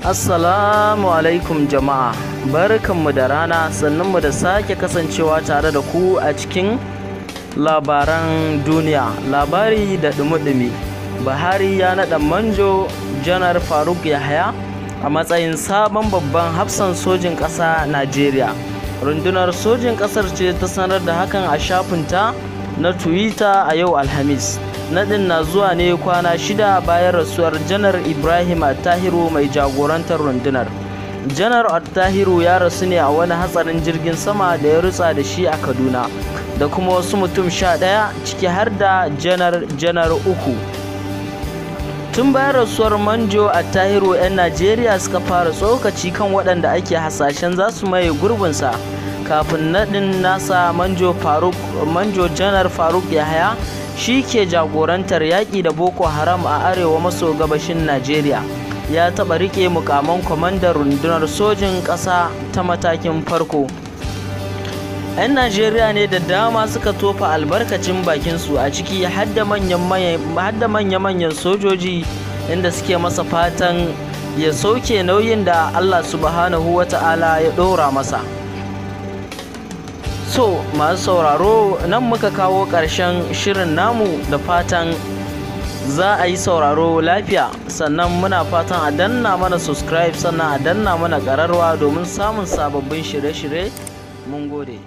Assalamu alaikum jama'a barkanmu da rana sannunmu da sake kasancewa tare da ku a cikin labaran duniya labari da dumi-dumi Buhari ya naɗa manjo janar Faruk Yahaya a matsayin sabon babban hafsan sojin ƙasa Najeriya rundunar sojin ƙasar ce ta sanar da hakan a shafinta na Twitter a yau Alhamis nadin na zuwa ne kwana shida bayan rasuwar janar ibrahim attahiru mai jagorantar rundunar janar attahiru ya rasu ne a wani hatsarin jirgin sama da ya rutsa da shi a kaduna da kuma wasu mutum sha ɗaya ciki har da janar janar uku tun bayan rasuwar manjo attahiru 'yan najeriya suka fara tsokaci kan waɗanda ake hasashen za su maye gurbinsa kafin naɗin nasa manjo janar faruk yahaya shi ke jagorantar yaƙi da boko haram a arewa maso gabashin najeriya ya taɓa riƙe mukaman kwamandan rundunar sojin ƙasa ta matakin farko 'yan najeriya ne da dama suka tofa albarkacin bakinsu a ciki hadda manya-manyan sojoji inda suke masa fatan ya sauke nauyin da allah subhanahu wata'ala ya ɗora masa so masu sauraro nan muka kawo ƙarshen shirin namu da fatan za a yi sauraro lafiya sannan muna fatan a danna mana subscribe sannan a danna mana ƙararwa domin samun sababbin shirye-shirye mun gode